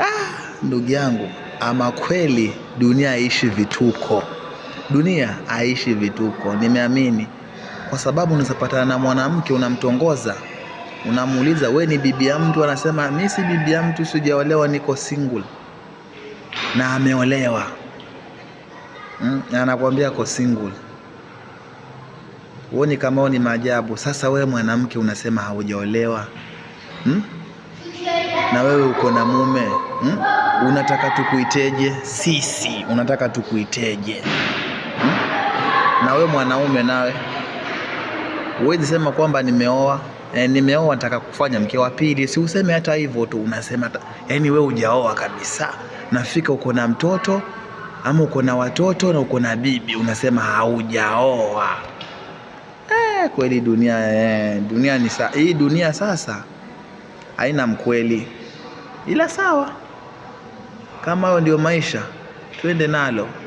Ah, ndugu yangu, ama kweli dunia haishi vituko, dunia haishi vituko. Nimeamini kwa sababu unazapatana na mwanamke unamtongoza, unamuuliza we ni bibi ya mtu, anasema mi si bibi ya mtu, sijaolewa, niko single, na ameolewa mm, anakuambia ko single. Huoni kama ni maajabu? Sasa we mwanamke unasema haujaolewa mm? na wewe uko na mume hmm? Unataka tukuiteje sisi? Unataka tukuiteje hmm? Na wewe mwanaume, nawe huwezi sema kwamba nimeoa e, nimeoa nataka kufanya mke wa pili. Si useme hata hivyo tu, unasema yaani wewe hujaoa kabisa, nafika uko na mtoto ama uko na watoto na uko na bibi, unasema haujaoa. E, kweli dunia e, dunia ni sa, hii dunia sasa haina mkweli ila sawa, kama hayo ndio maisha, twende nalo.